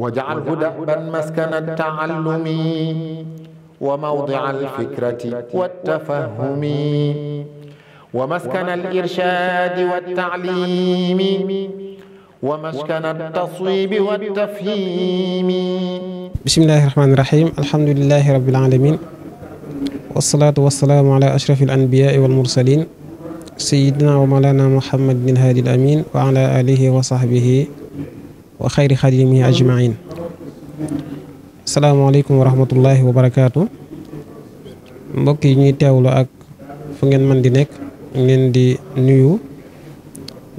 واجعله دأبا مسكن التعلم وموضع الفكرة والتفهم ومسكن الإرشاد والتعليم ومسكن التصويب والتفهيم بسم الله الرحمن الرحيم الحمد لله رب العالمين والصلاة والسلام على أشرف الأنبياء والمرسلين سيدنا ومولانا محمد بن هادي الأمين وعلى آله وصحبه wa xayri xadimi ajmain salaamaaleykum wa rahmatullahi wa barakaatu mbokk yi ñuy teewlu ak fu ngeen mën di nekk ngeen di nuyu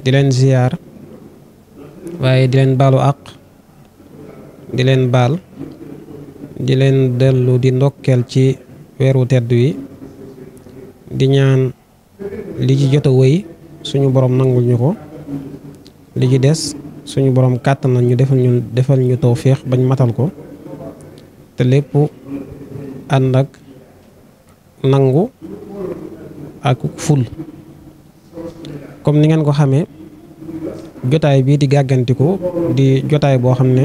di leen ziyaar waaye di leen baalu àq di leen baal di leen dellu di ndokkeel ci weeru tedd yi di ñaan li ci jot a wéy suñu boroom nangul ñu ko li ci des suñu borom kàttan na ñu defal ñu defal ñu tawféex bañ matal ko te lépp ànd ak nangu ak ful comme ni ngeen ko xamee jotaay bii di gàggantiku di jotaay boo xam ne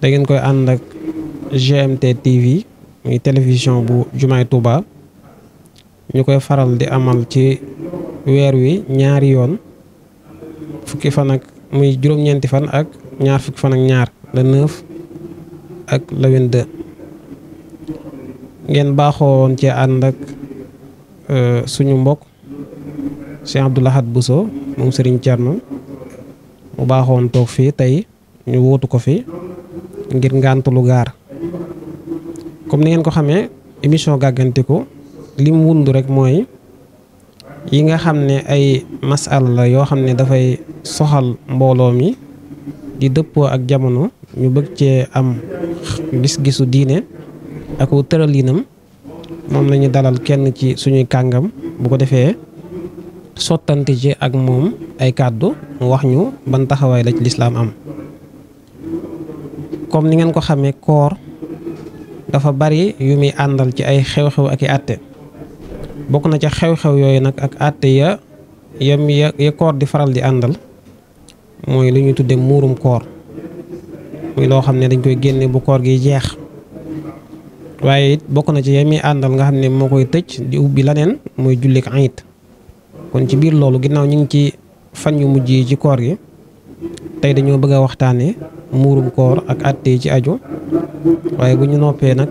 da ngeen koy ànd ak GMT TV muy télévision bu Jumaay Touba ñu koy faral di amal ci weer wi ñaari yoon fukki fan muy juróom-ñeenti fan ak ñaar fukki fan ak ñaar le 9 ak le 22 ngeen baaxoon cee ànd ak euh, suñu mbokk Cheikh Abdou bu so moom Serigne Thierno mu baaxoon toog fii tey ñu wóotu ko fi ngir ngànt lu gaar comme ni ngeen ko xamee émission gàggantiku lim wundu rek mooy. yi nga xam ne ay masala la yoo xam ne dafay soxal mbooloo mi di dëppoo ak jamono ñu bëgg cee am gis-gisu diine ak tëraliinam moom la dalal kenn ci suñuy kàngam bu ko defee sottante ci ak moom ay kàddu mu wax ñu ban taxawaay la ci lislaam am comme ni ngeen ko xamee koor dafa bari yu muy àndal ci ay xew-xew ak i àtte bokk na ca xew-xew yooyu nag ak àtte ya yam ya ya koor di faral di àndal mooy lu ñuy tuddee muurum koor muy loo xam ne dañ koy génne bu koor gi jeex waaye it bokk na ci yami àndal nga xam ne moo koy tëj di ubbi laneen mooy jullik ayit kon ci biir loolu ginnaaw ñu ngi ci fan yu mujj yi ci koor gi tey dañoo bëgg a waxtaanee muurum koor ak àtte yi ci aju waaye bu ñu noppee nag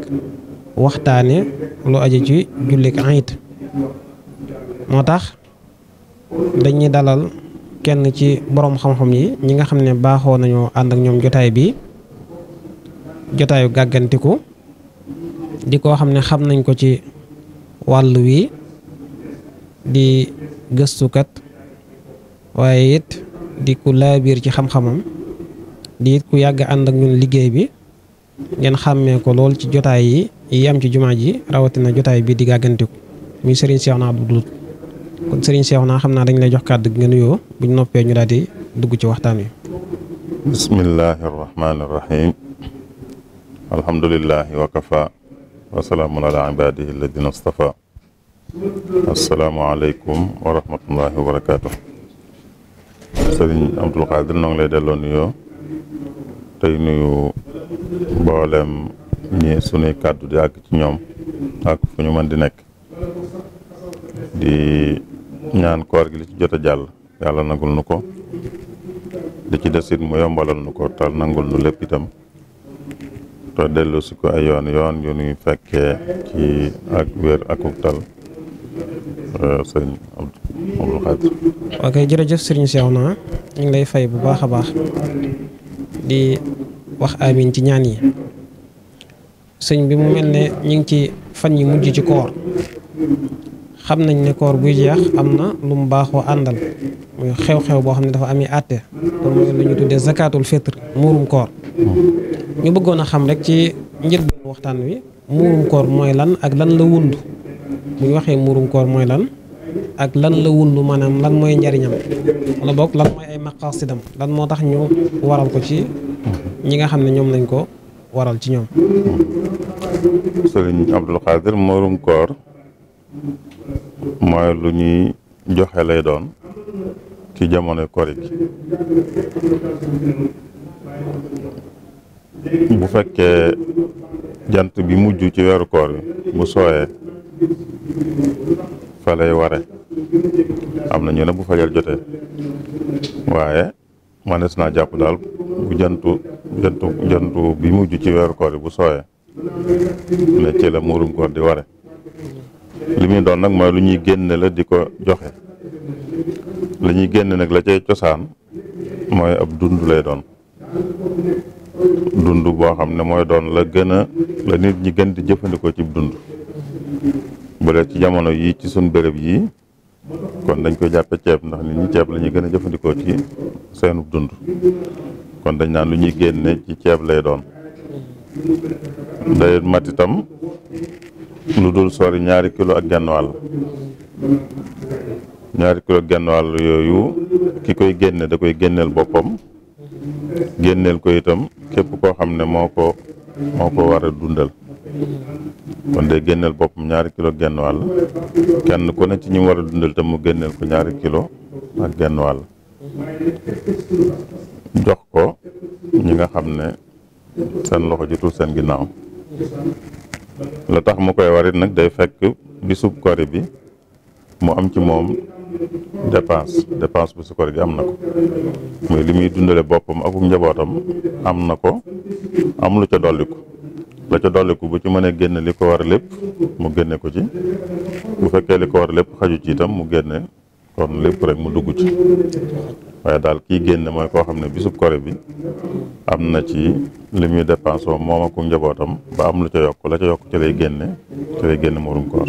waxtaane lu aju ci jullik ayit moo tax dañuy dalal kenn ci boroom xam-xam yi ñi nga xam ne baaxoo nañoo ànd ak ñoom jotaay bi jotaayu gàggantiku di koo xam ne xam nañ ko ci wàll wi di gëstukat waaye it di ku laabiir ci xam-xamam di it ku yàgg ànd ak ñun liggéey bi ngeen xàmmee ko lool ci jotaay yi yi am ci jumaa ji rawatina jotaay bi di gàggantiku muy Serigne Cheikhouna Abdou Doudou xam naa dañ lay jox kàddu gi nga nuyoo bu ñu noppee ñu daal dugg ci waxtaan wi. bismillahi rahmaani rahim alhamdulilahi wa kafa wa salaamun ala ibadihi Xaadir noo lay delloo nuyoo tey nuyu mboolem ñi sunuy kàddu di àgg ci ñoom ak fu ñu mën di nekk. di ñaan koor gi li ci jot a jàll yàlla nagul nu ko li ci desit mu yombalal nu ko te nangul nu lépp itam te dellu ko ay yoon yoon yu nuy fekkee ci ak wér akuk tal euh, sëriñ Abdou Khadre ok jërëjëf sëriñ Cheikhouna ñu ngi lay fay bu baax a baax di wax amin ci ñaan yi sëñ bi mu mel ne ñu ngi ci fañ yi mujj ci koor xam nañ ne koor buy jeex am na lu mu baaxoo àndal muy xew-xew boo xam ne dafa amee àtte loolu mooy lu ñu tuddee zakatul fitr muurum koor ñu bëggoon a xam rek ci njër benn waxtaan wi muurum koor mooy lan ak lan la wund bu waxee muurum mooy lan ak lan la wund maanaam lan mooy njariñam wala bokk lan mooy ay maqasidam lan moo tax ñu waral ko ci ñi nga xam ne ñoom lañ ko waral ci ñoom sëriñ Abdul koor mooy lu ñuy joxe lay doon ci jamono kori bu fekkee jant bi mujj ci weeru koor bi bu sooyee fa lay ware am na ñu bu fajar jotee waaye manees naa jàpp daal bu jantu jantu jantu bi mujj ci weeru koor bi bu sooyee ne ci la muurum koor di ware li muy doon nag mooy lu ñuy génne la di ko joxe li ñuy génne nag la cay cosaan mooy ab dund lay doon dund boo xam ne mooy doon la gën a la nit ñi gën di jëfandikoo ci dund bu ci jamono yi ci suñ bërëb yi kon dañ koy jàppe ceeb ndax nit ceeb la ñuy gën a jëfandikoo ci seenu dund kon dañ naan lu ñuy génne ci ceeb lay doon day mat itam lu dul sori ñaari kilo ak genn wàll ñaari kilo ak genn wàll yooyu ki koy génne da koy génneel boppam génneel ko itam képp koo xam ne moo ko moo ko war a dundal kon day génneel boppam ñaari kilo ak genn wàll kenn ku ne ci ñi war a dundal itam mu génneel ko ñaari kilo ak genn wàll jox ko ñi nga xam ne seen loxo jotul seen ginnaaw la tax mu koy warit nag day fekk bisub kori bi mu am ci moom dépense dépense bu su kori gi am na ko muy li muy dundale boppam ak njabootam am na ko am lu ca dolliku la ca dolliku bu ci mënee génn li ko war lépp mu génne ko ci bu fekkee li ko war lépp xaju ci itam mu génne kon lépp rek mu dugg ci waaye daal kii génn mooy koo xam ne bisub kore bi am na ci li muy dépensé moom ak njabootam ba am lu ca yokk la ca yokk ci lay génne ci lay génne murum koor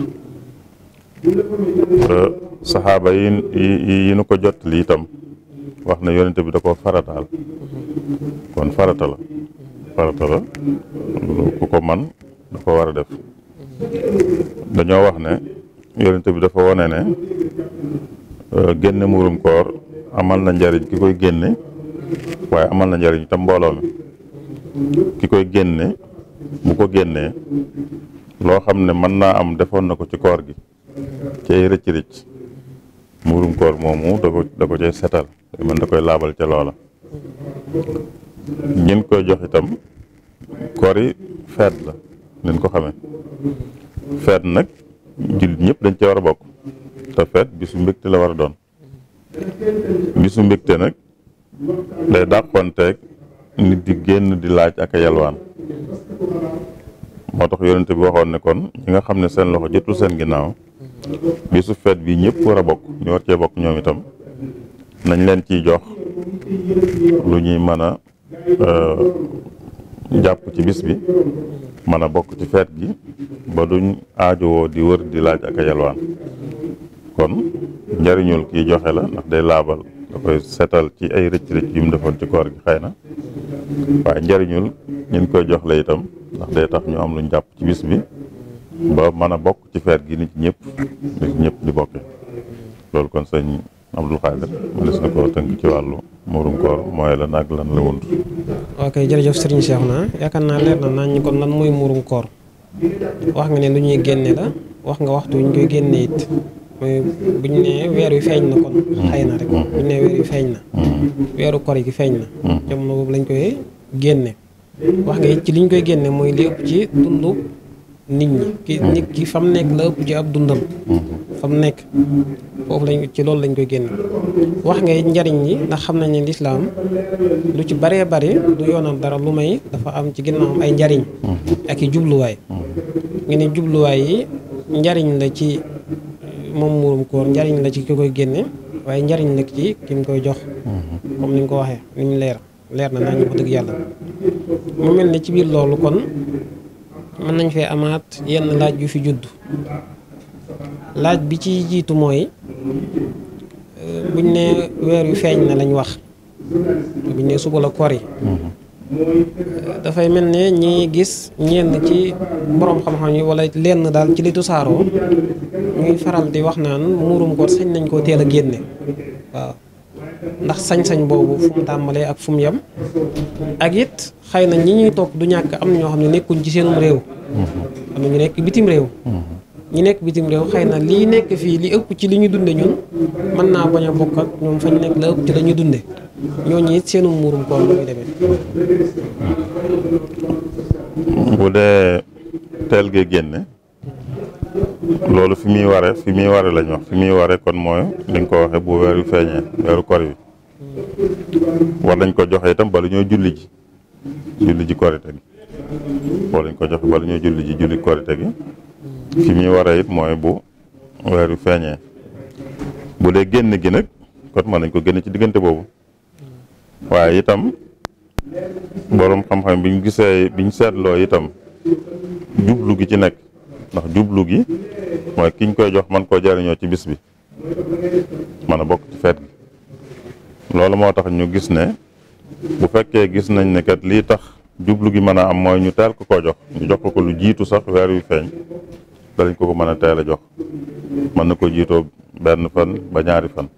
saxaaba yi yi nu ko jot li itam wax na yonente bi da koo farataal kon farata la ku ko man da ko war a def dañoo wax ne yonente bi dafa wone ne Euh, génne muurum koor amal na njariñ ki koy génne waaye amal na njariñ itam mbooloo mi ki koy génne bu ko génnee loo xam ne mën naa am defoon na ko ci koor gi cay rëcc rëcc muurum koor moomu da ko da cay setal man da koy laabal ca loola ñin koy jox itam koor yi feet la nin ko xame feet nag jullit ñëpp dañ ci war a bokk ta feet bisu mbégte la war a doon bisu mbégte nag day dàqonteeg nit di génn di laaj ak a yalwaan moo tax yonente bi waxoon nekkoon kon ñi nga xam ne seen loxo jotul seen ginnaaw bisu feet bi ñëpp war a bokk ñu war cee bokk ñoom itam nañ leen ci jox lu ñuy mën a euh, jàpp ci bis bi mën a bokk ci feet gi ba duñ aajowoo di wër di laaj ak a yalwaan kon njariñul kii joxe la ndax day laabal da koy setal ci ay rëcc rëcc yu mu defoon ci koor gi xëy na waaye njariñul ñun koy jox la itam ndax day tax ñu am luñ jàpp ci bis bi ba mën a bokk ci feet gi nit ñëpp nit ñëpp di bokke loolu kon sëñ Abdul Xaadir mënees na koo tënk ci wàllu muurum koor mooy lan ak lan la wund ok jërëjëf sëriñ na yaakaar naa leer na naa ñu kon lan mooy muurum koor wax nga ne lu ñuy génne la wax nga waxtu ñu koy génne it bu ñu nee weer wi feeñ na kon xëy na rek bu ñu nee weer wi feeñ na weeru kor gi feeñ na jamono boobu lañ koy génne wax nga ci liñ koy génne mooy li ci dundu ki nit ki fam la ëpp dundam fam nekk foofu lañ ci loolu lañ koy génne wax ngay njariñ yi ndax xam nañ ne lislaam lu ci baree bari du yoonal dara lu may dafa am ci am ay njariñ ak i jubluwaay ngi ne jubluwaay yi njariñ la ci moom muurum koor njariñ la ci ki koy génne waaye njariñ la ci ki mu koy jox mhm. comme ni nga ko waxee ni mu leer leer na naa ñu ko dëgg yàlla mu mel ni ci biir loolu kon mën nañ fee amaat yenn laaj yu fi judd laaj bi ci jiitu mooy euh, buñ ne weer yu feeñ na lañ wax buñ ne suba la koor mhm. dafay mel ne ñi gis ñenn ci borom xam-xam yi wala lenn daal ci li tusaaroo ñuy faral di wax naan muurum koor sañ nañ koo teel a génne waaw ndax sañ-sañ boobu fu tàmbalee ak fu mu yem ak it xëy na ñi ñuy topp du ñàkk am na ñoo xam ne nekkuñ ci seenum réew am na ñu nekk bitim réew ñi nekk bitim réew xëy na lii nekk fii li ëpp ci li ñu dunde ñun mën naa bañ a bokk ak ñoom fañ nekk la ëpp ci la ñu dunde ñooñu it seenum muurum koor la muy demee bu dee teel gi génne loolu fi muy ware fi muy ware lañ wax fi muy ware kon mooy ni nga ko waxee bu weer wi feeñee weeru kor wi war nañ ko joxe itam bala ñoo julli ji julli ji korite gi war nañ ko joxe bala ñoo julli ji julli korite gi fi muy waree it mooy bu weer yu feeñee bu dee génn gi nag kon ma nañ ko génn ci diggante boobu waaye itam boroom xam-xam biñ gisee biñ seetloo itam jublu gi ci nekk ndax jublu gi mooy kiñ koy jox man koo jariñoo ci bis bi mën a bokk ci feet gi loolu moo tax ñu gis ne bu fekkee gis nañ ne kat lii tax jublu gi mën a am mooy ñu teel ko koo jox ñu jox ko ko lu jiitu sax weer yu feeñ danañ ko ko mën a teel a jox mën na ko jiitoo benn fan ba ñaari fan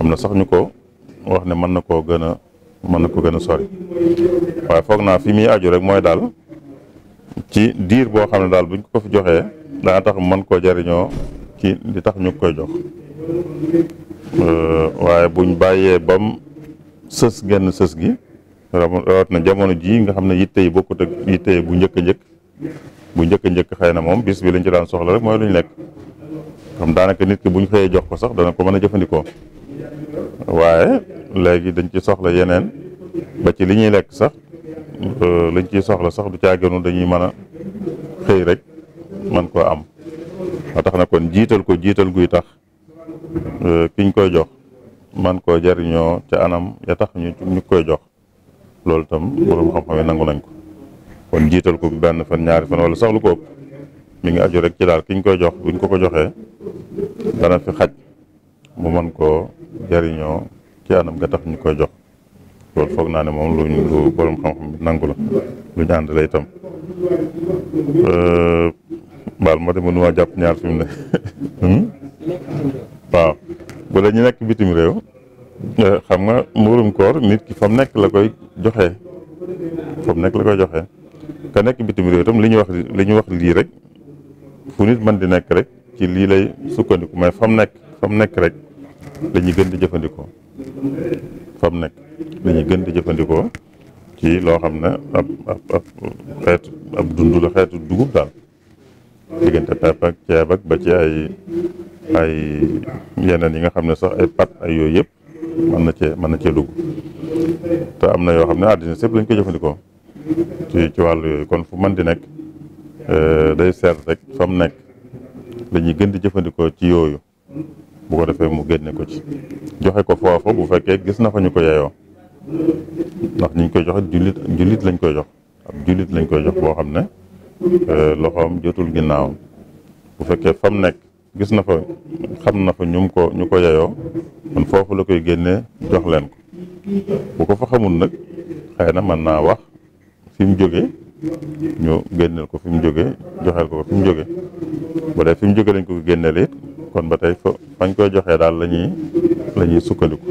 am na sax ñu ko wax ne mën na koo gën a mën na ko gën a sori waaye foog naa fi muy aju rek mooy daal ci diir boo xam ne daal buñ ko fi joxee dana tax mën koo jariñoo ci li tax ñu koy jox euh, waaye buñ bàyyee bam sës genn sës gi rawat na jamono jii nga xam ne yitte yi bokkut ak yitte bu njëkk njëkk bu njëkk njëkk xëy na moom bis bi lañ ci daan soxla rek mooy lu ñu lekk xam daanaka nit ki buñ xëyee jox ko sax dana ko mën a jëfandikoo waaye léegi dañ ci soxla yeneen ba ci li ñuy lekk sax Euh, lañ ciy soxla sax du caaginu dañuy mën a xëy rek man koo am ba tax na kon jiital ko jiital guy tax euh, kiñ koy jox man koo jariñoo ca anam ya tax ñu ñu koy jox loolu tam borom xam-xam yi nangu nañ ko kon jiital ko benn fan ñaari fan wala sax lu mi ngi aju rek ci daal kiñ koy jox buñ ko ko joxe dana fi xaj mu mën ko jariñoo ci anam nga tax ñu koy jox loolu foog naa ne moom lu ñu lu borom xam-xam nangu la lu ñu lay itam euh, baal ma de mënuma jàpp ñaar fi mu ne hmm? waaw bu dee ñu nekk bitim réew euh, xam nga mburum koor nit ki fa mu nekk la koy joxe fa mu nekk la koy joxe ka nekk bitim réew tam li ñu wax li wax lii rek fu nit mën di nekk rek ci lii lay sukkandiku may fa nekk fa mu nekk rek la ñuy gën di jëfandikoo. fa mu nekk dañuy gën di jëfandikoo ci loo xam ne ab ab ab xeetu ab dund la dugub daal diggante pepp ak ba ci ay ay yeneen yi nga xam ne sax ay pat ay yooyu yëpp mën na cee mën na cee dugg te am na yoo xam ne àddina sëpp lañ koy jëfandikoo ci ci wàllu yooyu kon fu mën di nekk eh, day seet rek fa mu nekk dañuy gën di jëfandikoo ci yooyu bu ko defee mu génne ko ci joxe ko foofu bu fekkee gis na fa ñu ko yeyoo ndax ñu koy joxe jullit jullit lañ koy jox ab lañ koy jox boo xam ne euh, loxoom jotul ginnaawam bu fekkee fam nekk gis na fa xam na fa ñum ko ñu ko yeyoo kon foofu koy génnee jox leen ko bu ko fa xamul nag xëy na mën naa wax fi mu jógee ñu génnel ko fi mu jógee joxeel ko ko fi mu jógee bu lañ ko génneel it kon ba tey fo fañ koy joxe daal lañuy ñuy sukkandiku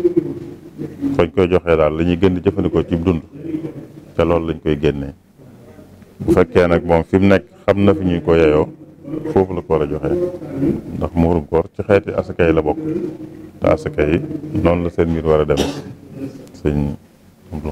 fañ koy joxe daal lañuy ñuy gën di jëfandikoo ci dund te loolu lañ koy génnee bu fekkee nag moom fi mu nekk xam na fi ñuy ko yeyoo foofu la ko war a joxe ndax muurum koor ci xeeti asaka yi la bokk te asaka yi noonu la seen mbir war a demee sëñ Abdul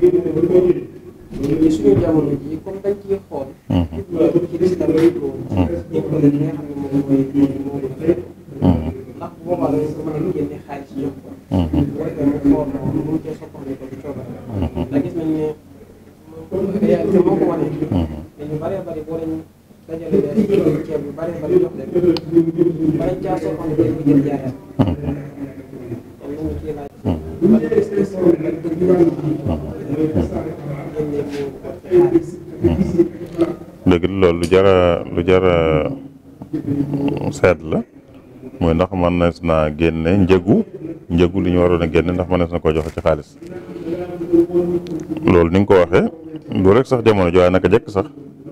biir ne bu ñu koy julli. léegi suñu jamono ji comme dañ ciy xool. loolu ci des na léegi loolu. ñëpp nag ñi nga xam ne moom mooy moom mooy lépp. ndax bu boobaa dañu ko mën a génne xaalis jox ko. bu fekkee mu xool moom mu ngi cee soppandi ko di coono. ndax gis nañ ne moom réalité moo ko wane. dañu bëree bëri boo leen dajalee ceeb yu bëree bëri jox leen. bañ caa soppandi ko jël jaar. jara euh, seet la mooy ndax mën na naa génne njëgu njëgu li ñu waroon a génne ndax mën na koo joxe ci xaalis loolu ni nga ko waxe loolu rek sax jamono jooy naka jekk sax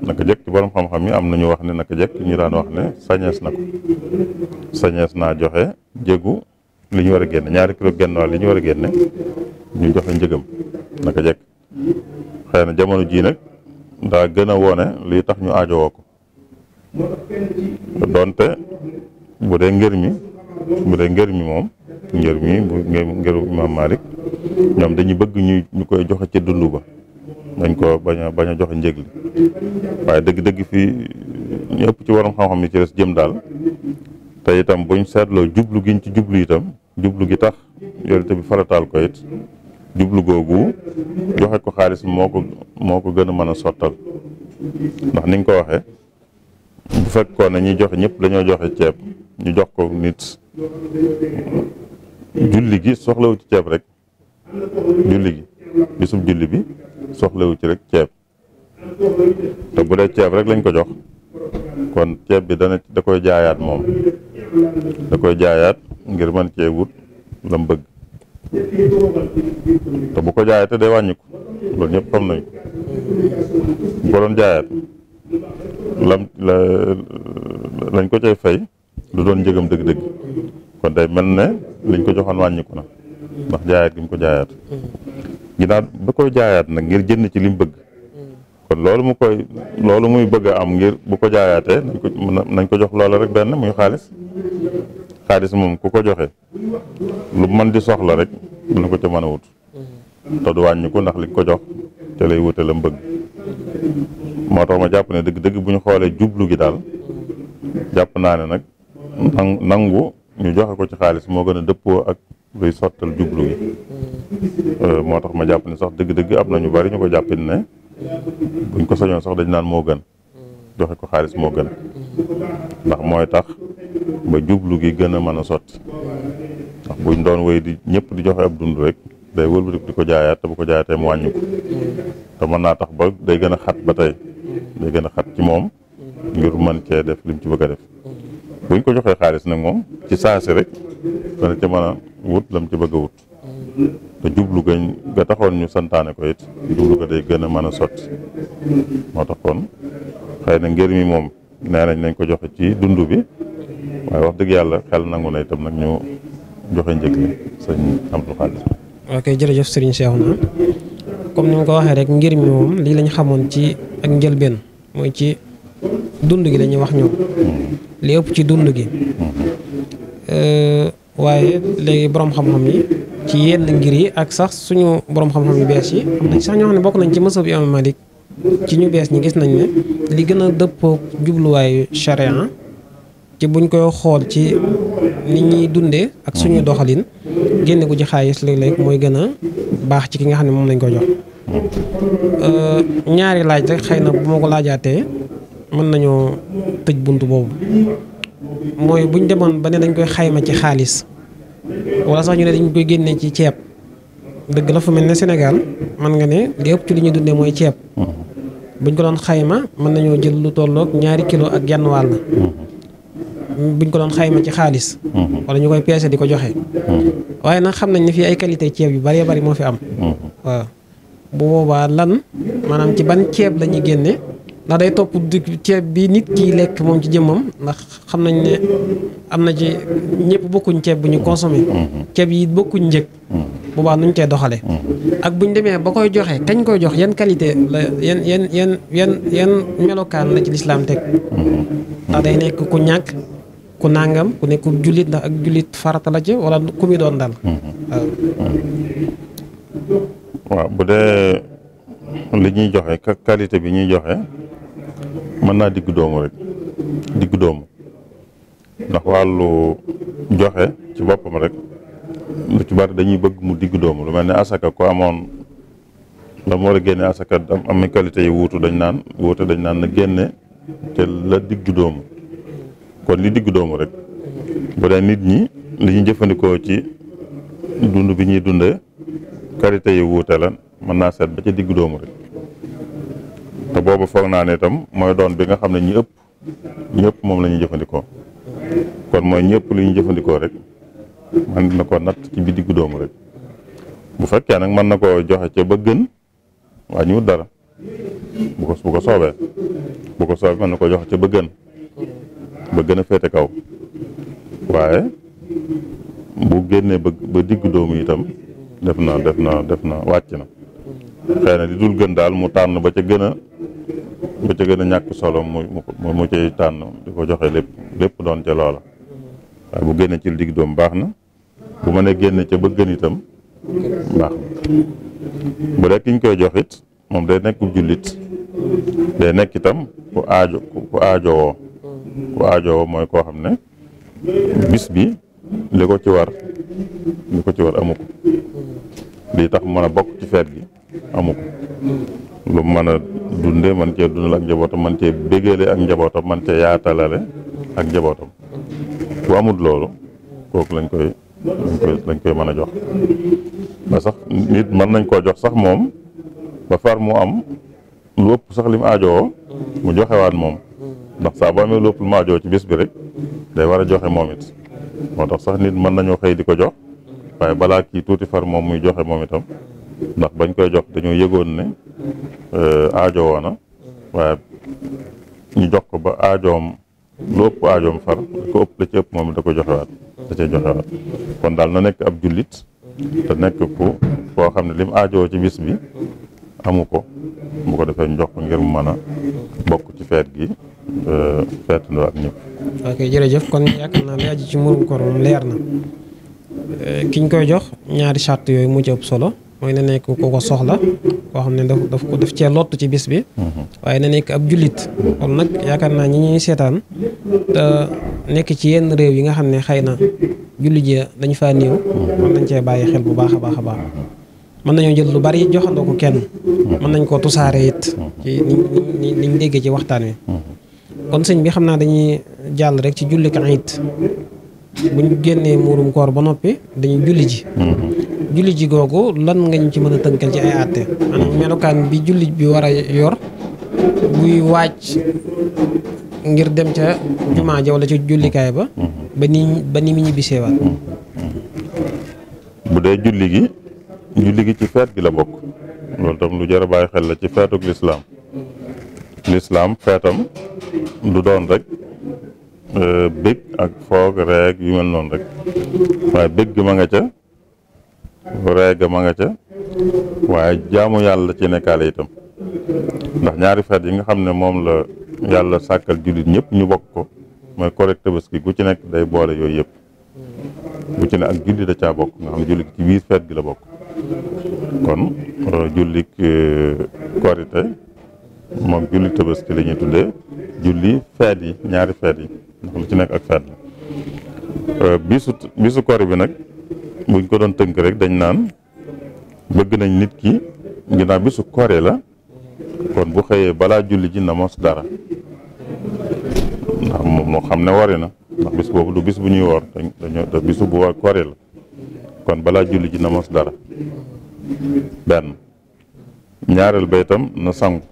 naka jekk ci borom xam yi am na ñu wax ne naka jekk ñu daan wax ne sañees na ko sañees naa joxe njëgu li ñu war a génne ñaari kilo genn wàll li ñu war a génne ñu joxe njëgam naka jekk xëy na jamono jii nag nda gën a wone lii tax ñu aajowoo ko donte bu dee ngër mi bu dee ngër mi moom ngër mi bu imaam Malik ñoom dañuy bëgg ñu ñu koy joxe ca dund ba dañ ko bañ a bañ a joxe njëg li waaye dëgg-dëgg fii ñëpp ci waram xam-xam yi ci des jëm daal te itam buñ seetloo jublu giñ ci jublu itam jublu gi tax yonent bi farataal ko jublu googu joxe ko xaalis moo ko moo ko gën a mën a sottal ndax ni nga ko waxee bu fekkoon ne ñuy joxe ñëpp dañoo joxe ceeb ñu jox ko nit julli gi soxlewu ci ceeb rek julli gi bisub julli bi soxlawu ci rek ceeb te bu dee ceeb rek lañ ko jox kon ceeb bi dana da koy jaayaat moom da koy jaayaat ngir mën cee wut lam bëgg te bu ko jaayaatee day wàññi ko loolu ñëpp xam nañ bu ko doon jaayaat lam la lañ ko cay fay du doon njëgam dëgg-dëgg kon day mel ne liñ ko joxoon wàññiku na ndax jaayaat gi mu ko jaayaat ginnaaw ba koy jaayaat nag ngir jënd ci li bëgg kon loolu mu koy loolu muy bëgg a am ngir bu ko jaayaatee nañ ko jox loola rek benn muy xaalis xaalis moom ku ko joxe lu mën di soxla rek dina ko ca mën a wut mm-hmm. te du wàññiku ndax li ko jox ca lay wute la mu bëgg moo tax ma jàpp ne dëgg dëgg bu ñu xoolee jublu gi daal jàpp naa ne nag nangu ñu joxe ko ci xaalis moo gën a dëppoo ak luy sottal jublu gi euh, moo tax ma jàpp ne sax dëgg-dëgg am na ñu bari ñu ko jàppin ne buñ ko sañoon sax dañ naan moo gën joxe ko xaalis moo gën ndax mooy tax ba jublu gi gën a mën a sotti ndax buñ doon wéy di ñëpp di joxe ab dund rek day wëlbatiku di ko jaayaat te ko jaayaatee mu wàññi ko mën naa tax ba day gën a xat ba tey day gën a xat ci moom ngir man cee def lim ci bëgg a def buñ ko joxee xaalis nag moom ci saasi rek dana ca mën a wut lam ci bëgg wut te jublu gañ ga taxoon ñu santaane ko it jublu ga day gën a mën a sotti moo tax kon xëy na ngir mi moom nee nañ nañ ko joxe ci dund bi waaye wax dëgg yàlla xel nangu na itam nag ñu joxe njëg li sëñ Abdou Khadre ok jërëjëf Serigne Cheikhouna comme ni ñu ko waxee rek ngir mi moom lii lañu xamoon ci ak njëlbeen mooy ci dund gi lañuy wax ñoom li ëpp ci dund gi euh, waaye léegi boroom xam-xam yi ci yenn ngir yi ak sax suñu boroom xam-xam yu bees yi am nañ sax ñoo xam ne bokk nañ ci mësab imam Malik ci ñu bees ñi gis nañ ne li gën a dëppoo jubluwaayu charia ci buñ koy xool ci nit ñiy dundee ak suñu doxalin génne gu ci xaalis léeg-léeg mooy gën a baax ci ki nga xam ne moom lañ ko jox Euh, ñaari laaj rek xëy na bu ma ko laajaatee mën nañoo tëj bunt boobu mooy buñ demoon ba ne dañ koy xayma ci xaalis wala sax ñu ne dañ koy génne ci ceeb dëgg la fu mel ne Sénégal mën nga ne li ëpp li ñuy dundee mooy ceeb buñ ko doon xayma mën nañoo jël lu tolloog ñaari kilo ak genn wàll buñ ko doon xayma ci xaalis wala ñu koy peese di ko joxe hmm. waaye nag xam nañ ne fii ay qualité ceeb yu bëree bëri moo fi am hmm. waaw bu boobaa lan maanaam ci ban ceeb la génne ndax day topp di ceeb bi nit kiy lekk moom ci jëmmam ndax xam nañ ne am na ci ñëpp bokkuñ ceeb bu ñu consommé mm-hmm. ceeb yi bokkuñ njëg mm-hmm. boobaa nuñ cee doxale mm-hmm. ak buñ demee ba koy joxe kañ koy jox yan qualité la yan yan yan yan yan melokaan la ci lislaam teg ndax day nekk ku ñàkk ku nangam ku nekk jullit ndax ak jullit farata la ci wala ku mi doon dal waaw waaw bu dee li ñuy joxe qualité bi ñuy joxe mën naa digg doomu rek digg doomu ndax wàllu joxe ci boppam rek lu ci bari dañuy bëgg mu digg doomu lu mel ne asaka ko amoon la mu war a génne asaka am am qualité yi wuutu dañ naan wuute dañ naan na génne te la digg doomu kon li digg doomu rek bu dee nit ñi li ñu jëfandikoo ci dund bi ñuy dundee qualité yi wuute la mën naa seet ba ci diggu doomu rek te booba foog naa ne itam mooy doon bi nga xam ne ñi ëpp ñëpp moom la jëfandikoo kon mooy ñëpp lu jëfandikoo rek man na ko natt ci bi diggu doomu rek bu fekkee nag mën na koo joxe ca ba waa ñu dara bu ko bu ko soobee ko soobee na ko joxe ca ba gën ba gën a féete kaw waaye bu génnee ba ba diggu doomu itam def na def na def na wàcc na xëy na li dul gën daal mu tànn ba ca gën a ba ca gën a ñàkk solo mu mu mu cay tànn di ko joxe lépp lépp doon ca loola waaye bu génne ci digg doom baax na bu mën a génne ca ba gën itam baax na bu dee koy jox moom day nekk jullit day nekk itam ku aajo ku aajowoo ku aajowoo mooy koo xam ne bis bi li ko ci war li ko ci war amu ko lii tax mën bokk ci feet gi amu lu mën a dunde man cee dundal ak njabootam man ce bégale ak njabootam man cee yaatalale ak njabootam ku amut loolu kook lañ koy lañ koy lañ mën a jox ba sax nit mën nañ koo jox sax moom ba far mu am lu ëpp sax li mu aajowoo mu joxewaat moom ndax saa boo amee lu ëpp lu mu ci bis bi rek day war a joxe moom moo tax sax nit mën nañoo xëy di ko jox waaye balaa kii tuuti far moom muy joxe moom itam ndax bañ koy jox dañoo yëgoon ne euh, aajo woona waaye ñu jox ko ba aajoom lu ëpp aajoom far ko ëpp la ci ëpp moom da ko joxewaat da kon daal na nekk ab jullit te nekk ku koo xam ne lim aajoo ci bis bi amu ko bu ko defee ñu jox ko ngir mu mën a bokk ci feet gi feetandoo euh, ak ñëpp. ok jërëjëf kon yaakaar naa li aju ci mburum koor moom leer na euh, ki ñu koy jox ñaari charte yooyu mu ci solo mooy na nekk ku ko soxla koo xam ne daf daf ko daf cee lott ci bis bi. Mhm. waaye na nekk ab jullit. kon nag yaakaar naa ñi ñuy seetaan te nekk ci yenn réew yi nga xam ne xëy na jullit yi dañ faa néew. Mhm. mën nañ cee bàyyi xel bu baax a baax a baax. Mhm. mën nañoo jël lu bari joxandoo ko kenn. mën nañ koo tusaare it. ci ni ni niñ déggee ci waxtaan wi. kon sëñ bi xam naa dañuy jàll rek ci julli ka it bu ñu génnee muurum koor ba noppi dañu julli ji. Mm-hmm. julli ji googu lan nga ñu ci mën a tënkal ci ay àtte. melokaan bi julli bi war a yor buy waaj ngir dem ca jumaa ja wala ca jullikaay ba. Mm-hmm. ba ni ba ni mu ñibbisee waat. Mm-hmm. bu dee julli gi. julli gi ci feet gi la bokk. loolu tam lu jar xel la ci feetuk lislaam. lislaam feetam. du doon rek euh, bëgg ak foog reeg yu mel noonu rek waaye bëgg ma nga ca reeg ma nga ca waaye jaamu yàlla ci nekkaale itam ndax ñaari feet yi nga xam ne moom la yàlla sàkkal jullit ñépp ñu bokk ko mooy correct tabaski gu ci nekk day boole yooyu yëpp gu ci ne ak julli da caa bokk nga xam julli ci biir feet gi la bokk kon euh, jullik euh, korite moom julli tabaski la ñuy tuddee julli feet yi ñaari feet yi ndax lu ci nekk ak feet la euh, bisu bisu koor bi nag buñ ko doon tënk rek dañ naan bëgg nañ nit ki ginnaaw bisu kooree la kon bu xëyee balaa julli ji na mos dara ndax moo xam ne wari na bis boobu du bis bu ñuy woor dañoo bisu bu waa kooree la kon balaa julli ji na mos dara benn ñaareel ba itam na sangu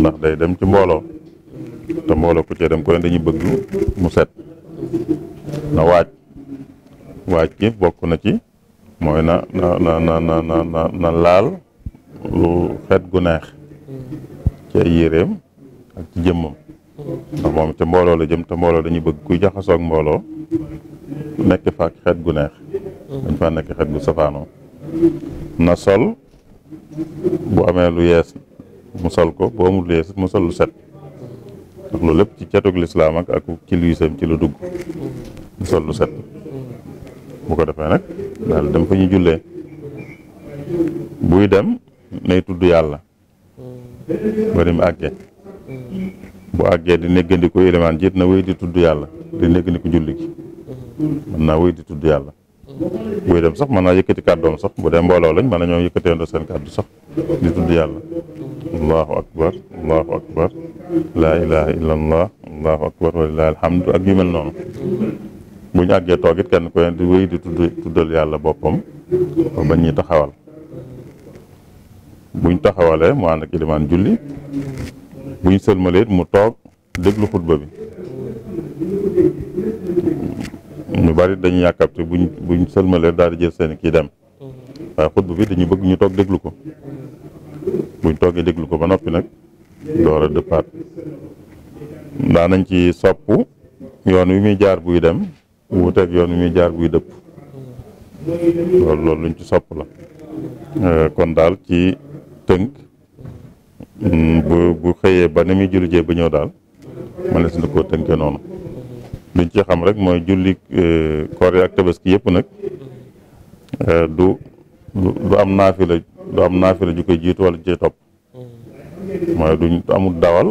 ndax day dem ci mbooloo te mbooloo ku cee dem ko dañuy bëgg mu set na waaj waaj gi bokk na ci mooy na na na laal lu xet gu neex ci ay yéreem ak ci jëmmam ndax moom te mbooloo la jëm ta mbooloo dañuy bëgg kuy jaxasoo mbooloo nekk fa ak xet gu neex dañ faa nekk xet gu safaanoo na sol bu amee lu yees mu sol ko boo mu lees mu sol lu set ndax loolu lépp ci catug lislaam ak ak ci liisam ci la dugg mu sol lu set bu ko defee nag daal dem fa ñu jullee buy dem nay tudd yàlla ba ni mu àggee bu àggee di néggandiku ilimaan jiit na wéy di tudd yàlla di néggandiku julli gi mën naa wéy di tudd yàlla buy dem sax mën naa yëkkati kàddoom sax bu dee mbooloo lañ man na ñoo yëkkatee seen kàddu sax di tudd yàlla allahu akbar allahu akbar laa ilaha illa allahu akbar walilahi alhamdu ak yu mel noonu bu ñu àggee toog kenn ku di wéy di tuddal yàlla boppam ba ñuy taxawal buñ taxawalee mu ànd ak ilimaan julli buñ sëlmalee it mu toog déglu xutba bi ñu bari dañu yàkkabte buñ buñ sëlmalee daal di jël seeni kii dem waaye xutba bi dañu bëgg ñu toog déglu ko buñ toogee déglu ko ba noppi nag door a dëppaat daanañ ci sopp yoon wi muy jaar buy dem wuuteeg yoon wi muy jaar buy dëpp loolu loolu luñ ci sopp la euh, kon daal ci tënk mm, bu bu xëyee ba ni muy julli ba ñëw daal mënees na koo tënkee noonu liñ ci xam rek mooy julli euh, koor ak tabaski yëpp nag euh, du du am naafila du am naafila ju koy jiitu wala ju koy topp mooy duñ amul dawal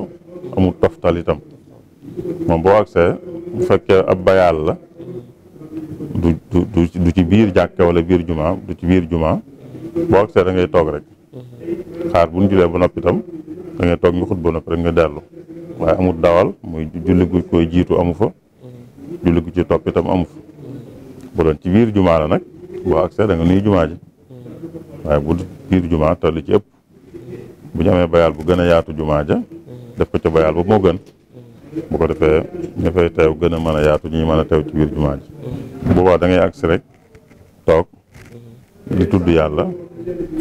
amul toftal itam moom boo agsee bu fekkee ab bayaal la du du du ci biir jàkke wala biir jumaa du ci biir jumaa boo agsee da toog rek xaar bu ba noppi itam da ngay xut ba noppi rek nga dellu waaye amul dawal muy julli koy jiitu amu fa julli gu ci topp itam amu fa doon ci biir jumaa la nag boo agsee da nga nuyu ji waaye bu biir jumaa te ci ëpp bu ñu amee bayaal bu gën a yaatu jumaa ja def ko ca bayaal ba moo gën bu ko defee ñu fay teew gën a mën a yaatu ñi mën a teew ci biir jumaa ji boobaa da ngay agsi rek toog di tudd yàlla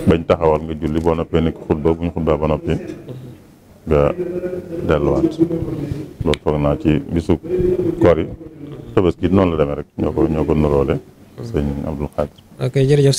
bañ taxawal nga julli boo noppee ni ko xutba bu xutbaa ba noppi nga delluwaat loolu foog naa ci bisu kor yi tabaski noonu la demee rek ñoo ko ñoo ko nuróole sëñ Abdul Xaadir ok jërëjëf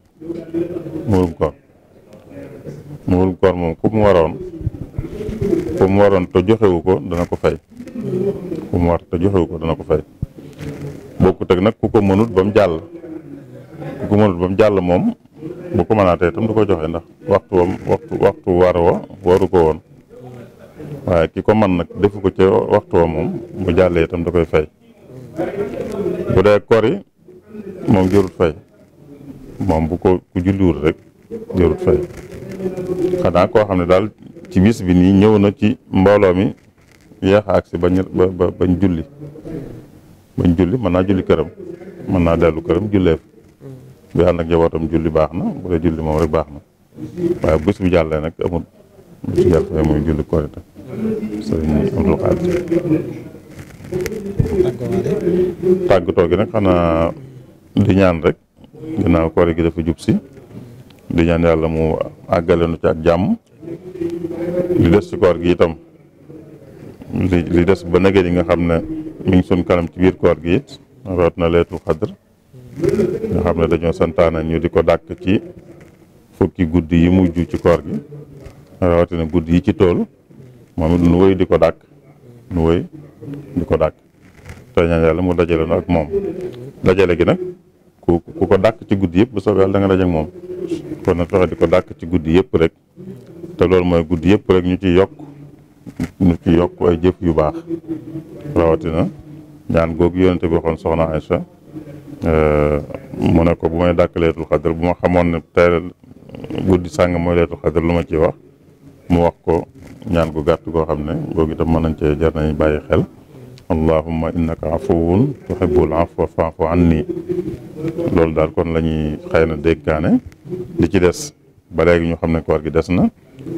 murum koor murum koor moom ku mu waroon ku waroon te joxewu ko dana ko fay ku ko dana ko fay bokkut ak nag ku ko mënut ba mu jàll ku ko mënut ba mu jàll moom bu ko mënaatee itam du ko joxe ndax waxtu waxtu war wa waru ko woon waaye ki ko man nag defu ko ci waxtu wa moom bu jàllee itam da koy fay bu dee kori moom jërut fay moom bu ko ku julliwul rek jërut fay xanaa koo xam ne daal ci bis bi ñëw na ci mbooloo mi yeex a agsi bañ julli bañ julli mën naa julli këram mën naa dellu këram jullee fa mm. bu ànd ak njabootam julli baax na bu dee julli moom rek baax na waaye bés bu jàllee nag amul julli korite sëriñ Abdul gi nag xanaa di ñaan rek ginnaaw koor gi dafa jub si di ñaan yàlla mu àggale nu ci ak jàmm li des ci koor gi itam li des ba nage yi nga xam ne mi ngi sun kanam ci biir koor gi it root na leetul xadr nga xam ne dañoo santaana ñu di ko dàkk ci fukki guddi yi mujj ci koor gi rawatina guddi yi ci tool moom it nu wëy di ko dàkk nu wëy di ko dàkk te ñaan yàlla mu dajale na ak moom dajale gi nag ku ku ko dàkk ci guddi yëpp bu soobee yàlla da nga daje ak moom kon nag fexe di ko dàkk ci guddi yëpp rek te loolu mooy guddi yëpp rek ñu ci yokk ñu ci yokk ay jëf yu baax rawatina ñaan googu yonente bi waxoon soxna Aïcha euh, mu ne ko bu may dàkk leetul xadar bu ma xamoon ne tey guddi sàng mooy leetul xadar lu ma ciy wax mu wax ko ñaan gu gàtt goo xam ne boobu itam mën nañ cee jar nañ bàyyi xel allahumma innaka afuwun tuhibbul afwa fa'fu anni loolu daal kon la ñuy xëy na dénkaane li ci des ba léegi ñu xam ne koor gi des na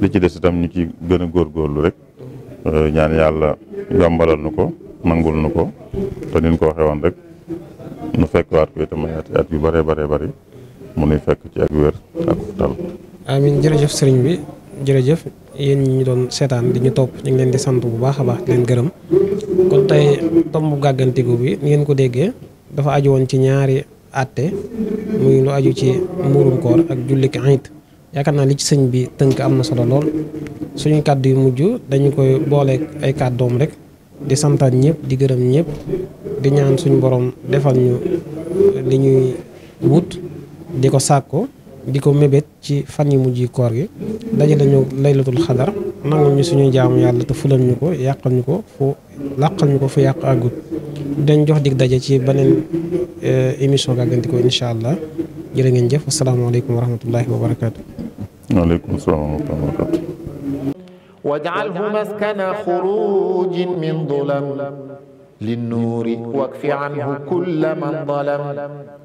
li ci des itam ñu ci gën a góorlu rek euh, ñaan yàlla yombalal nu ko nangul nu ko te nin ko waxee woon rek nu fekk waat ko itam ay at yu bare bëree bari mu nuy fekk ci ak wér ak tal amin jërëjëf sëriñ bi jërëjëf yéen ñi ñu doon seetaan di ñu topp ñu ngi leen di sant bu baax a baax leen gërëm kon tey tomb gàggantiku bi ni ngeen ko déggee dafa aju woon ci ñaari àtte muy lu aju ci muurum koor ak jullik ayit yaakaar naa li ci sëñ bi tënk am na solo lool suñu kàddu yu mujj dañu koy booleek ay kàddoom rek di santaan ñëpp di gërëm ñëpp di ñaan suñu boroom defal ñu li ñuy wut di ko sàkko di ko mébét ci fan yi mujj koor gi daje nañu laylatul xadar nangul ñu suñuy jaamu yàlla te fulal ñu ko yàqal ñu ko fu làqal ñu ko fu yàqu àggut dañ jox dig daje ci beneen eh, émission gàggantikoo incha allah jërë ngeen jëf asalaamaaleykum wa rahmatullahi wa barakaatu. waaleykum salaam wa rahmatullahi wa barakaatu. waj'alhu maskana xurujin min dulam linnuuri wakfi anhu kulla man